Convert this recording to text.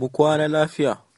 Mu kwana lafiya.